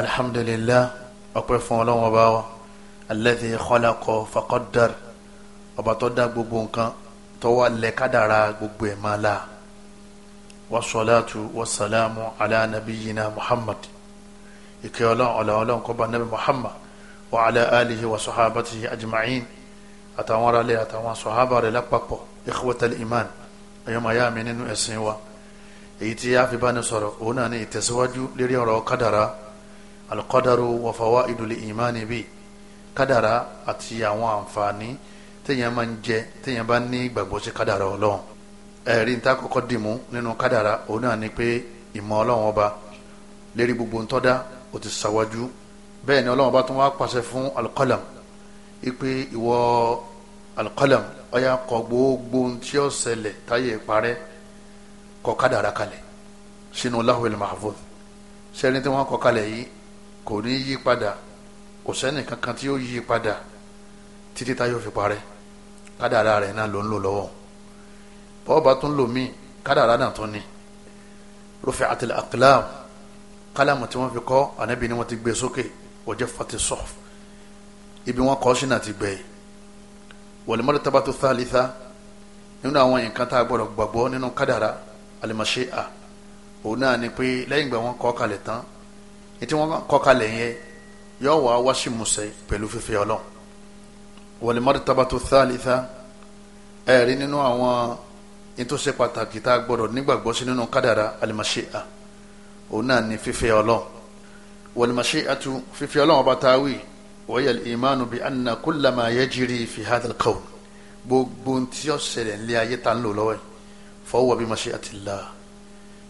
alhamdulillah ọpẹ́ fún Ọlọ́run ọba wa alladhi khalaqa faqaddar ọba tó dá gbogbo nǹkan tó wà lẹ́kádàrà gbogbo ẹ̀ máa la wasalaatu wasalaamu ala nabiyina muhammad ìkẹ́ Ọlọ́run Ọlọ́run Ọlọ́run kó bá nabi muhammad wa ala alihi wa sahabatihi ajma'in àtàwọn ará ilé àtàwọn sọ̀hábà rẹ̀ lápapọ̀ ikhwatal iman ẹ̀yọ́mọ̀ ayá mi nínú ẹ̀sìn wa èyí tí a fi bá ní sọ̀rọ̀ òun náà ní ìtẹ̀síwájú alukọ́dàrú wa fawaidul ìmánì bí kádàrá àti àwọn àǹfààní téèyàn máa ń jẹ téèyàn bá ní ìgbàgbọ́ sí kádàrá ọlọ́run ẹ̀rí ń ta kọ́kọ́ dìmú nínú kádàrá òun náà ni pé ìmọ̀ ọlọ́run ọba lérí gbogbo ntọ́dá ó ti ṣàwájú bẹ́ẹ̀ ni ọlọ́run ọba tún wá pàṣẹ fún alukọ́làm ipe ìwọ alukọ́làm ọ̀yà kọ gbogbo tí ó ṣẹlẹ̀ táyé parẹ́ kọ kádàrá kalẹ̀ sínú lahwil mahfuz sẹ́ni tí wọ́n kọ kalẹ̀ yìí kò ní yí padà kò sẹ́ni kankan tí ó yí padà títí táyọ̀ fi parẹ́ kádàrá rẹ̀ náà ló ń lò lọ́wọ́ bọ́ọ̀bá tún lò míì kádàrá náà tún ni rufi'atil aqlam kálámù tí wọ́n fi kọ́ ànábì ni wọ́n ti gbé sókè wajaffati suhuf ibi wọn kọ́ sínú àti gbẹ̀yìn wal martabatu thalitha nínú àwọn nǹkan tá a gbọ́dọ̀ gbàgbọ́ nínú kádàrá al-mashi'a òun náà ni pé lẹ́yìn ìgbà wọn kọ́ kalẹ̀ tán ètí wọn kọkalẹ̀ yẹn yóò wá wáṣí musẹ̀ pẹ̀lú fífẹ́ ọlọ́run wal martabatu thalitha ẹ̀rí nínú àwọn nítòsí pàtàkì tá a gbọ́dọ̀ nígbàgbọ́ sí nínú kádàrà al-mashi'a òun náà ní fífẹ́ ọlọ́run wal mashi'atu fífẹ́ ọlọ́run ọba táwì wa imanu bi anna kulla ma fi hadha al gbogbo tí ó ṣẹlẹ̀ ní ayé tá ń lò lọ́wọ́ fa huwa bi mashi'atillah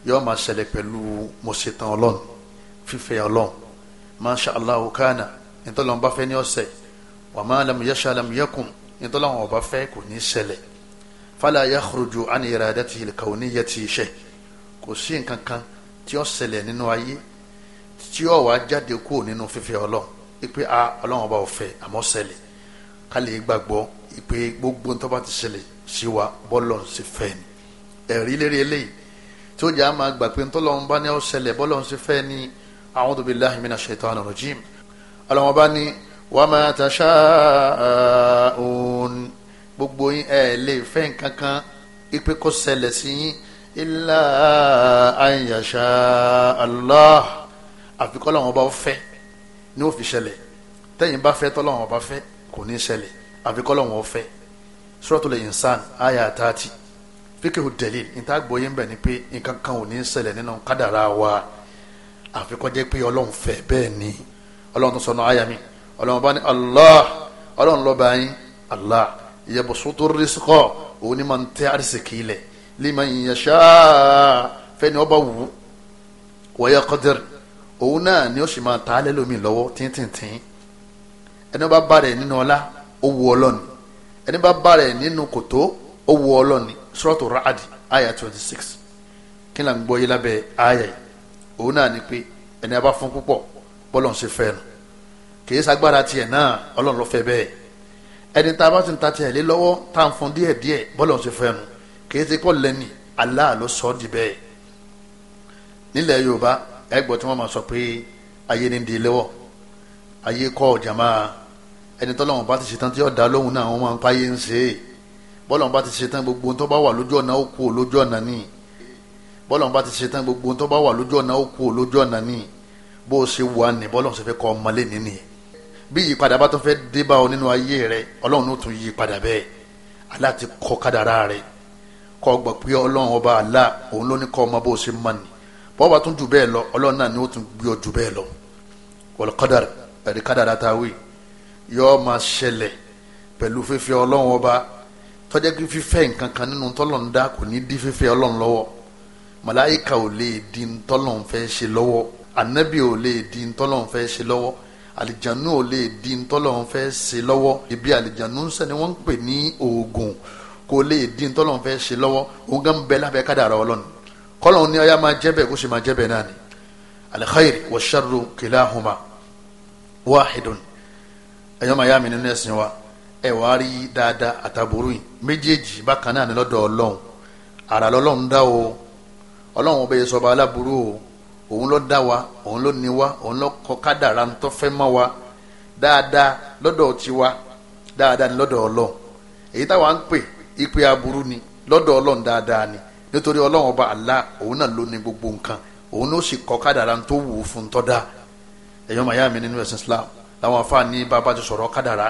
yóò máa ṣẹlẹ̀ pẹ̀lú mọ̀ṣetán ọlọ́run fífẹ́ ọlọ́run masha allah kana ntọ́lọ́wọ́n bá fẹ́ ní ọ̀sẹ̀ wa ma lam yasha lam yakun ntọ́lọ́wọ́n ọba fẹ́ kò ní ṣẹlẹ̀ fala yakhruju an iradatihi al-kawniyati shay kò sí nǹkan kan tí ó ṣẹlẹ̀ nínú ayé tí ó wàá jáde kúrò nínú fífẹ́ ọlọ́run ipe a ọlọ́run ọba ó fẹ́ àmọ́ ṣẹlẹ̀ ká gbàgbọ́ ipe gbogbo ntọ́ bá ti ṣẹlẹ̀ sí wa bọ́lọ̀ ń fẹ́ ni ẹ̀rí lérí eléyìí tí jẹ́ àmà gbà pé ntọ́lọ́run bá ní ó أعوذ بالله من الشيطان الرجيم. ọlọ́wọ́n bá وما تشاءون ma tasha'un gbogbo yín ẹ̀ lè fẹ́ nǹkan kan ipe kó ṣẹlẹ̀ sí yín illa an yasha Allah àfikọ́ lọ́wọ́n bá fẹ́ ni ó fi ṣẹlẹ̀ tẹ́yìn bá fẹ́ tọ́lọ́wọ́n bá fẹ́ kò ní ṣẹlẹ̀ àfikọ́ lọ́wọ́n fẹ́ suratul insan aya tati fikihu dalil ìta gbóyè ń bẹ̀ ni pé nǹkan kan ò ní ṣẹlẹ̀ nínú kádàrá wa àfi kó jẹ́ pé ọlọ́run fẹ́ bẹ́ẹ̀ ni ọlọ́run tó sọnù àyà mi ọlọ́run bá ní allah ọlọ́run lọ́ba yín allah yabsutu rizqa òun ni máa ń tẹ́ àrísìkì lẹ̀ liman yasha fẹ́ni ọba wù wa yaqdir òun náà ni ó sì máa ta á lẹ́lómi lọ́wọ́ tíntìntín ẹni bá bá rẹ̀ nínú ọlá ó wu ọlọ́ni ẹni bá bá rẹ̀ nínú kòtó ó wu ọlọ́ni suratu ra'adi aya twenty six kí ni à ń gbọ́ yìí lábẹ́ aya yìí òun náà ni pé ẹni a bá fún púpọ̀ bọ́lọ̀ ń ṣe fẹ́ nu kìí sagbára tiẹ̀ náà ọlọ́run ló fẹ́ bẹ́ẹ̀ ẹni tá a bá ti ń ta tiẹ̀ lé lọ́wọ́ tá à ń fún díẹ̀ díẹ̀ bọ́lọ̀ ń ṣe fẹ́ nu kìí ti kọ́ lẹ́ni Allah ló sọ ọ́ di bẹ́ẹ̀ nílẹ̀ Yorùbá ẹgbọ́ tí wọ́n máa sọ pé ayé ni ń di lẹ́wọ̀ ayé kọ́ ọ̀jà máa ẹni tọ́lọ́run bá ti ṣetán tí ọ̀dà lóhùn náà wọ́n máa ń páyé ń ṣe é bọ́lọ́run bá ti ṣetán gbogbo tó bá wà lójú ọ̀nà ó lójú ọ̀nà nìyí bọ́lọ̀ bá ti ṣe tán gbogbo tó bá wà lójú ọ̀nà ó kú lójú ọ̀nà ní bó ṣe wà ní bọ́lọ̀ ṣe fẹ́ kọ́ ọmọlé nínú yẹn bí ìyípadà bá tó fẹ́ dé bá ọ nínú ayé rẹ ọlọ́run ó tún yí padà bẹ́ẹ̀ Allah ti kọ́ kádàrá rẹ kọ́ gbọ́ pé ọlọ́run ọba Allah òun ló ní kọ́ ọmọ bó ṣe mọ̀ ní bọ́ bá tún jù bẹ́ẹ̀ lọ ọlọ́run náà ni ó tún gbé ọ jù bẹ́ẹ̀ lọ wal qadar ẹ̀rí kádàrá ta kan nínú tọ́lọ́run dá kò ní dí fífẹ́ màláyíkà ò lè di ntọ́lọ́n fẹ́ ṣe lọ́wọ́ ànábì ò lè di ntọ́lọ́n fẹ́ ṣe lọ́wọ́ àlìjánu ò lè di ntọ́lọ́n fẹ́ ṣe lọ́wọ́ ibi àlìjánu ń sẹ́ni wọ́n ń pè ní oògùn kò lè di ntọ́lọ́n fẹ́ ṣe lọ́wọ́ òun gan bẹ lábẹ́ kádàrá Ọlọ́run kọ́lọ́n ní ọyá máa jẹ́ bẹ́ẹ̀ kó sì máa jẹ́ bẹ́ẹ̀ náà ni alikhairi wa sharru kilahuma wahidun ẹ̀yọ́ máa yá mi nínú wa ẹ̀ wá rí dáadáa àtàbúrú méjèèjì bákan náà ni lọ́dọ̀ Ọlọ́run àrà lọ́lọ́run o ọlọ́run ọba yẹn sọba aláburú o òun ló dá wa òun ló ní wa òun ló kọ kádàrá tó fẹ́ mọ́ wa dáadáa lọ́dọ̀ tiwa dáadáa ni lọ́dọ̀ ọlọ́run èyí táwa ń pè ìpè aburú ni lọ́dọ̀ ọlọ́run dáadáa ni nítorí ọlọ́run ọba Allah òun náà ló ní gbogbo nǹkan òun ló sì kọ kádàrá tó wù ú fún tọ́da ẹ̀yọ́ màyá mi nínú ẹ̀sìn Islam làwọn afáàní bàbá ti sọ̀rọ̀ kádàrá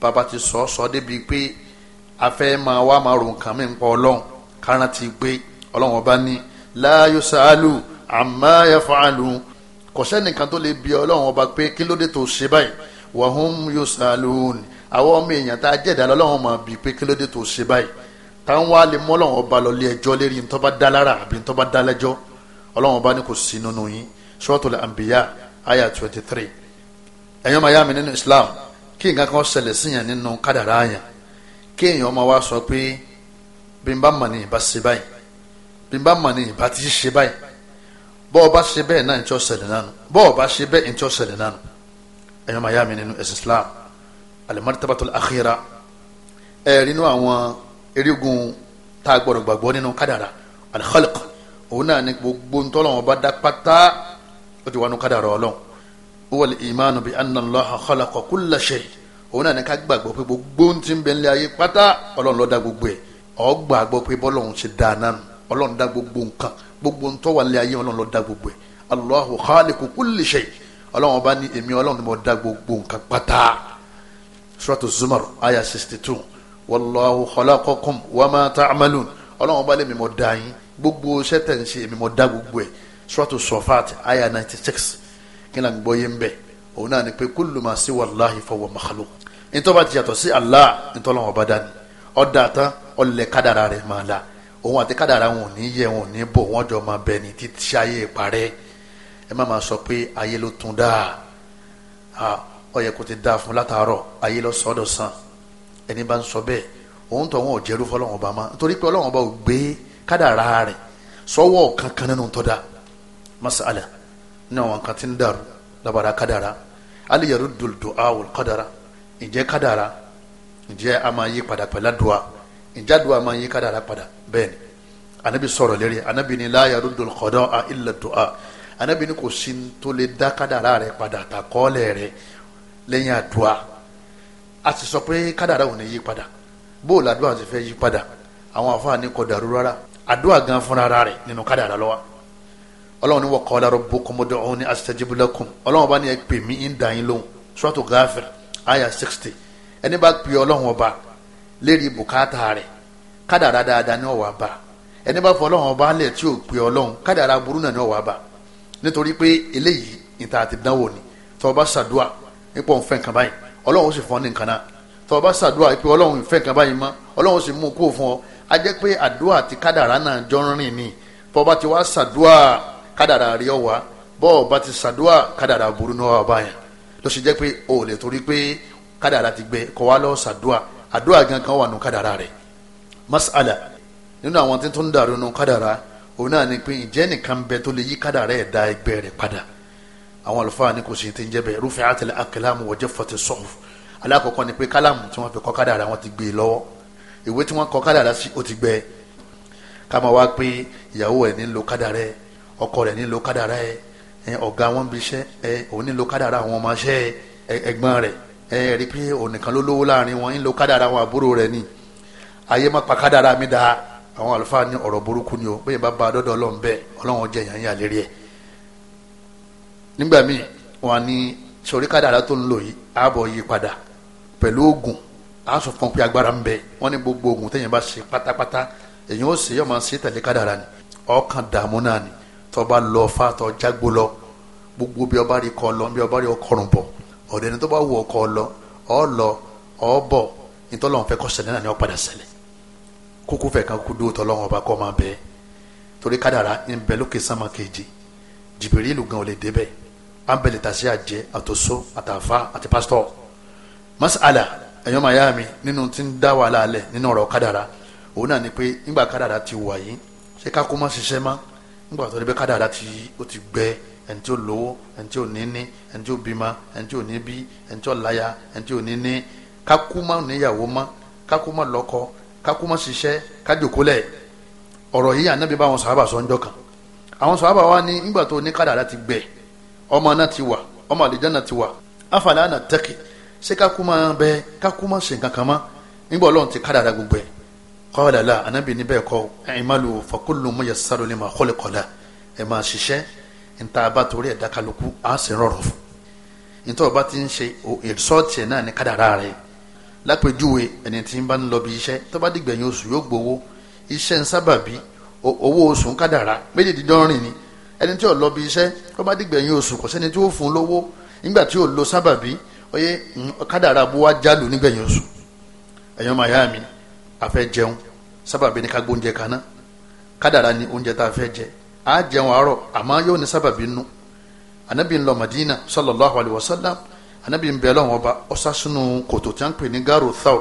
bàbá ti sọ sọ débi pé afẹ́ máa wá máa rò nǹkan mi ń pọ̀ ọlọ́run kárán gbé ọlọ́run ọba ní la yusalu amma yafalu kò sẹ́nìkan tó lè bi ọlọ́run ọba pé kí ló dé tó ṣe báyìí wa hum yusalun àwọn ọmọ èèyàn tá a jẹ̀dá lọ́lọ́run máa bi pé kí ló dé tó ṣe báyìí táwọn wá lè mú ọlọ́run ọba lọ lé ẹjọ́ lérí ní tó bá àbí ní tó ọlọ́run ọba ní kò sí nínú yín suratul anbiya aya twenty three ẹ̀yọ́ máa yá mi nínú bí n bá mọ̀ ní ìbá ti ṣe báyìí bọ́ ọ bá ṣe bẹ́ẹ̀ náà ní tí ó ṣẹlẹ̀ náà nù bọ́ ọ bá ṣe bẹ́ẹ̀ ní Islam alimọ́tàbàtàlá àkírà ẹ̀ rí inú àwọn erigun tá a gbọ́dọ̀ gbàgbọ́ nínú kádàrà al-khalq òun náà ní gbogbo ntọ́lọ́wọ́n bá dá ti wà nù kádàrà ọlọ́run wọ́n ìmánu bí anna Allah khalaqa kulla shay òun náà ní ká gbàgbọ́ pé gbogbo ntí ń bẹ nílé ayé gbogbo ẹ̀ ó gbàgbọ́ pé bọ́lọ́run ṣe dáa ọlọ́run dá gbogbo nǹkan gbogbo ntọ́ wà nílé ayé ọlọ́run ló dá gbogbo ẹ̀ Allahu khaliqu kulli shay ọlọ́run ọba ní èmi ọlọ́run mo dá gbogbo nǹkan pátá suratu zumar aya sixty two wallahu khalaqakum wama ta'malun ọlọ́run ọba lèmi mo dá yín gbogbo sẹ́tẹ̀ ń ṣe èmi mo dá gbogbo ẹ̀ suratu sofat aya ninety six kí ni à bẹ̀ òun náà ni pé kullu ma siwa Allahi fahuwa makhluq ntọ́ bá ti yàtọ̀ sí Allah ntọ́ ọlọ́run ọba dání ọ̀dà tán ọ̀lẹ̀ kádàrà rẹ̀ máa la òun àti kádàrà wọn ò ní yẹ wọn ò ní bò wọn jọ máa bẹ ní títí ayé parẹ́ ẹ má máa sọ pé ayé ló tún dáa ó yẹ kó ti dáa fún látàárọ̀ ayé lọ sọ́dọ̀ sàn ẹni bá ń sọ bẹ́ẹ̀ òun tó wọn ò jẹ́rú fọlọ́wọn ọba máa nítorí pé ọlọ́wọn ọba ò gbé kádàrà rẹ̀ sọ́wọ́ kankan nínú tó masala ní àwọn kan ti ń dàrú labara kádàrà aliyaru dùdù awol kádàrà ǹjẹ́ kádàrà ǹjẹ́ a máa yí padà pẹ̀lú àdúrà ǹjẹ́ àdúrà máa yí kádàrà padà bẹ́ẹ̀ ni anabi sọ̀rọ̀ lérí anabi ni la yarudul qada'a illa du'a anabi ni kò sí tó lè dá kádàrá rẹ̀ padà tà kọ́ọ̀lẹ̀ rẹ̀ lẹ́yìn àdúrà a sì sọ pé kádàrá ò yí padà bóò làdúrà ti fẹ́ yí padà àwọn àfáà ní kò dàrú rárá gan fúnra rẹ̀ nínú kádàrá lọ́wọ́ ọlọ́run ni wa qala rabbukum ud'uni astajib lakum ọlọ́run bá ní ẹ pè ń dà yín lóhùn suratu Ghafir aya sixty ẹni bá pè ọlọ́run ọba lérí bùkátà rẹ̀ kádàrá dáadáa ní ọ̀wà bá ẹni bá fọ ọlọ́run ọba alẹ̀ tí ò pé ọlọ́run kádàrá burú náà ní ọ̀wà bá nítorí pé eléyìí ìta àti dánwò ni tọ́ ọba ṣàdúà nípa òun fẹ́ nǹkan báyìí ọlọ́run ó sì fọ́n ní nǹkan náà tọ́ ọba ṣàdúà pé ọlọ́run ìfẹ́ nǹkan báyìí mọ́ ọlọ́run sì mú kó fún ọ á jẹ́ pé àdúà àti kádàrá náà jọ rìn ni tọ́ ọba ti wá ṣàdúà kádàrá rí ọ̀wà bọ́ ọba ti ṣàdúà kádàrá burú náà wà báyìí ló ṣe jẹ́ pé o ò lè torí pé kádàrá ti gbẹ kọ́ wá lọ́ ṣàdúà àdúà gan kan wà nù kádàrá rẹ̀ mas'ala nínú àwọn tí tó ń dàrú nu kádàrá òun náà ni pé ìjẹ́ nìkan bẹ tó lè yí kádàrá ẹ̀ da ẹgbẹ́ rẹ̀ padà àwọn àlùfáà ní kò sì ti ń jẹ́ bẹ́ẹ̀ rufi'at al-aqlam wa jaffat as-suhuf alákọ̀ọ́kọ́ ni pé kálámù tí wọ́n fi kọ́ kádàrá wọn ti gbé e lọ́wọ́ ìwé tí wọ́n kọ́ kádàrá sí ó ti gbẹ káma wá pé ìyàwó ẹ̀ ní kádàrá ẹ̀ ọkọ rẹ̀ ní kádàrá ẹ̀ ọ̀gá wọn bí iṣẹ́ ẹ̀ òun ní kádàrá àwọn ọmọ iṣẹ́ ẹ̀gbọ́n rẹ̀ ẹ̀ rí pé òun nìkan ló lówó láàrin wọn ń kádàrá àwọn àbúrò rẹ̀ nìyí ayé ma pàkádàrà mi da àwọn àlùfáà ní ọ̀rọ̀ burúkú ni o bóyá bá ba dọ́dọ̀ ọlọ́run bẹ́ẹ̀ ọlọ́run jẹ yàn yà lérí ẹ̀ nígbà míì wọn ní sọrí kádàrà tó ń lò yìí ààbọ̀ yí padà pẹ̀lú oògùn aṣọ fún pé agbára ń bẹ wọn ní gbogbo oògùn téèyàn bá ṣe pátápátá èyàn ó ṣe máa ṣe tẹ̀lé ni ọkàn dààmú náà ni lọ gbogbo bí ọba rí kọ lọ bí ọba rí ọkọ rùn ọ̀dẹ̀ni tó bá wù kókó fẹ́ kan kú dúró tọ́lọ́wọ́n ọba kọ́ máa bẹ torí kádàrá ń bẹ lókè sánmà kejì jìbìrì ìlú gan ò lè débẹ̀ atoso atafa àjẹ àtòsó àtàfà àti masala yá mi nínú tí ń dá wàhálà nínú kádàrá òun náà ni pé kádàrá ti wà yìí ṣé ká kó má má ti ó ti gbẹ ẹni tí Kakuma ma ṣiṣẹ́ kájòkólẹ̀ ọ̀rọ̀ yìí ànábì bá àwọn sàhábà sọ ńjọ́ kan àwọn sàhábà wa ní nígbà tó ní kádàrá ti gbẹ ọmọ náà ti wà ọmọ àlìjáná ti wà afàlẹ́ àná tẹ́kì ṣé kakú ma bẹ kakú ma ṣe nǹkan kan mọ́ nígbà ọlọ́run ti kádàrá gbogbo ẹ̀ qala la ànábì ní bẹ́ẹ̀ kọ́ i'malu fa kullu muyassaru lima khuliqa lahu ẹ̀ máa ṣiṣẹ́ nta bá torí ẹ̀dá kálukú á sì rọrùn fún ntọ́ bá ti ń ṣe lápèjúwe ẹni tí ń bá ń lọ bí iṣẹ́ tó bá dìgbẹ̀yìn oṣù yóò gbowó iṣẹ́ ń sábàbí owó oṣù ń kádàrá méjèèjì dọ́rin ni ẹni tí ò lọ bí iṣẹ́ tó bá dìgbẹ̀yìn oṣù kò sẹ́ni tí ó fún lówó nígbà tí ò lo sábàbí oyè kádàrá bó wá jálù nígbẹ̀yìn oṣù ẹ̀yọ́ màyá mi àfẹ́ jẹun sábàbí ni ká gbóúnjẹ kaná kádàrá ni oúnjẹ tá a fẹ́ jẹ á jẹun àárọ̀ àmọ́ yóò ní sábàbí nù ànábì ń lọ Madina sallallahu alayhi wa sallam anabi ń bẹ lọ́wọ́ ọba ọ̀sá sínú kòtò tí wọ́n ń pè ní garo thaw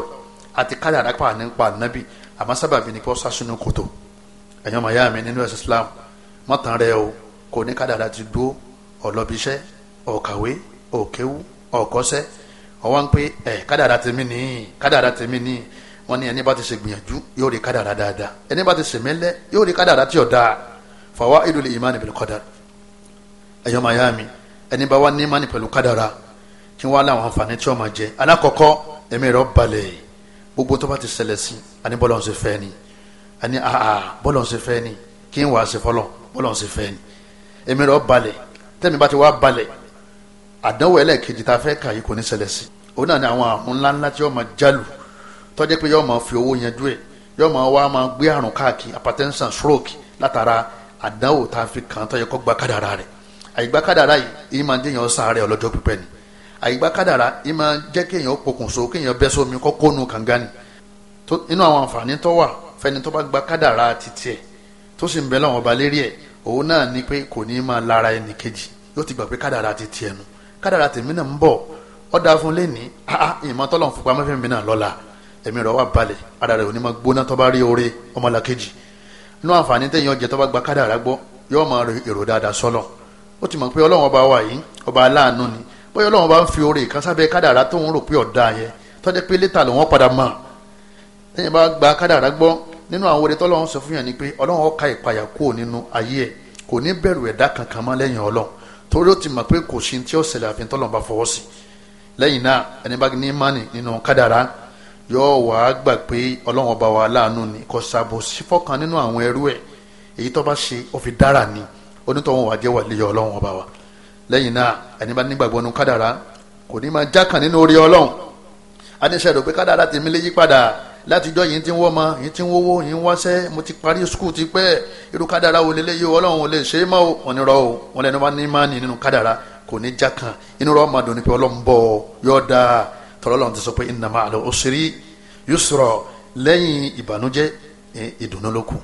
àti káyà àdápà nípa anabi àmọ́ sábàbí ni pé ọ̀sá sínú kòtò ẹ̀yàn màá yá mi nínú ẹ̀sìn Islam mọ́tàn rẹ o kò ní káyà àdá ti dúró ọ̀lọ́bíṣẹ́ ọ̀kàwé ọ̀kẹ́wù ọ̀kọ́sẹ́ ọwọ́ ń pé ẹ̀ kádàrà tèmi nìyí kádàrà tèmi nìyí wọ́n ní ẹni bá ti ṣe gbìyànjú yóò rí kádàrà dáadáa ẹni bá ti ṣe mẹ́lẹ́ yóò rí kádàrà tí ò dáa fàwa ìdúlẹ̀ ìmánì pẹ̀lú kádàrà ẹ̀yọ́ màyá mi ẹni bá wà ní ìmánì pẹ̀lú kádàrà kí wọ́n á láwọn àǹfààní tí wọ́n máa jẹ alákọ̀ọ́kọ́ ẹ̀mí rẹ̀ balẹ̀ gbogbo tó bá ti ṣẹlẹ̀ sí àní bọ́lọ̀ ń ṣe fẹ́ ni àní àhà bọ́lọ̀ ń ṣe fẹ́ ni kí n wà á ṣe fọlọ̀ bọ́lọ̀ ń ṣe fẹ́ ni ẹ̀mí rẹ̀ balẹ̀ tẹ́mi bá ti wá balẹ̀ àdánwò ẹlẹ́ẹ̀kejì tá a fẹ́ kà yìí kò ní ṣẹlẹ̀ sí òun náà ni àwọn àrùn ńláńlá tí yóò máa jálù tó pé yóò máa fi owó yanjú ẹ̀ yóò máa wá máa gbé àrùn káàkiri hypertension stroke látara àdánwò tá a fi kàn tó yẹ kó gba kádàrá rẹ̀ yìí ìyí máa ń jẹ́yàn sáré ọlọ́jọ́ pípẹ́ ni àyígbá kádàrá yìí máa jẹ́ kéèyàn ó pokùnso kéèyàn bẹ́ sómi kó kónú kànga ni nínú àwọn àǹfààní tó wà fẹ́ni tó bá gba kádàrá títí ẹ̀ tó sì ń bẹ lọ́wọ́ ọba lérí ẹ̀ òun náà ni pé kò ní máa lára ẹnì kejì yóò ti gbà pé kádàrá títí ẹnu kádàrá tèmi náà ń bọ̀ ọ́ dáa fún lẹ́ni ìmọ̀ tọ́lọ̀ fún pamọ́ fún mi náà lọ́la ẹ̀mí rẹ̀ wà balẹ̀ ara rẹ̀ ò máa gbóná tó bá rí oore ọmọlàkejì inú àǹfààní tẹ̀yìn ọjẹ́ tó bá gba kádàrá gbọ́ yóò máa èrò dáadáa sọ́lọ̀ ó ti mọ̀ pé ọlọ́run ọba wa yìí ọba aláàánú ni bóyá ọlọ́run bá ń fi oore kan sábẹ́ kádàrá tó ń rò pé ọ̀dà yẹn tọ́jẹ́ pé létà lòun padà mọ̀ lẹ́yìn bá gba kádàrá gbọ́ nínú àwọn oore tọ́lọ́run sọ fún yàn ni pé ọlọ́run ó ka ìpayà kúrò nínú ayé ẹ̀ kò ní bẹ̀rù ẹ̀dá kankan mọ́ lẹ́yìn ọlọ́run torí ó ti mọ̀ pé kò sí ti ó ṣẹlẹ̀ àfi tọ́lọ́run bá fọwọ́ sí lẹ́yìn náà ẹni bá ní mánì nínú kádàrá yóò wá gbà pé ọlọ́run ọba wa láàánú ni kò sàbò sí fọ́kàn nínú àwọn ẹrú ẹ̀ èyí tó bá ṣe ó fi dára ni onítọ̀hún wàá jẹ́ wà lẹ́yìn ọlọ́run ọba wa lẹ́yìn náà ẹni bá nígbàgbọ́ nu kádàrá kò ní máa jákàn nínú orí ọlọ́run aníṣẹ́ rò pé kádàrá tèmi lè yí padà látijọ́ yìí ti ń wọ́ ma yìí ti ń wówó yìí ń wáṣẹ́ mo ti parí skul ti pẹ́ irú kádàrá wo lélẹ́ yìí ọlọ́run ò lè ṣe é mọ́ o wọn ni rọ o wọn lẹnu bá ní mánì nínú kádàrá kò ní jákàn inú rọ máa dùn pé ọlọ́run bọ̀ yọ̀ dáa tọ́lọ́lọ́run ti sọ pé inna ma'al usri yusra lẹ́yìn ìbànújẹ́ ìdùnnú lókun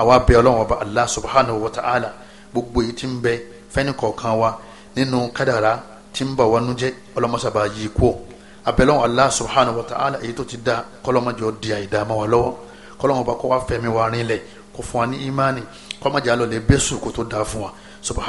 àwa bẹ ọlọ́run ọba Allah subhanahu wa ta'ala gbogbo yìí ti ń bẹ fẹ́ni kọ̀ọ̀kan wa nínú kádàrá tí ń bà wá nú jẹ́ ọlọ́mọsábà kú ọ abẹ́lẹ́ subhanahu wa ta'ala èyí tó ti da kọ́lọ́mọdé ó di àìdààmú wa lọ́wọ́ kọ́lọ́mọ bá kọ́ wa fẹ̀mí wa rinlẹ̀ kó fún wa ní ìmánì kọ́mọdé alọ́ lè bẹ́sù kó tó dáa fún wa subhanahu.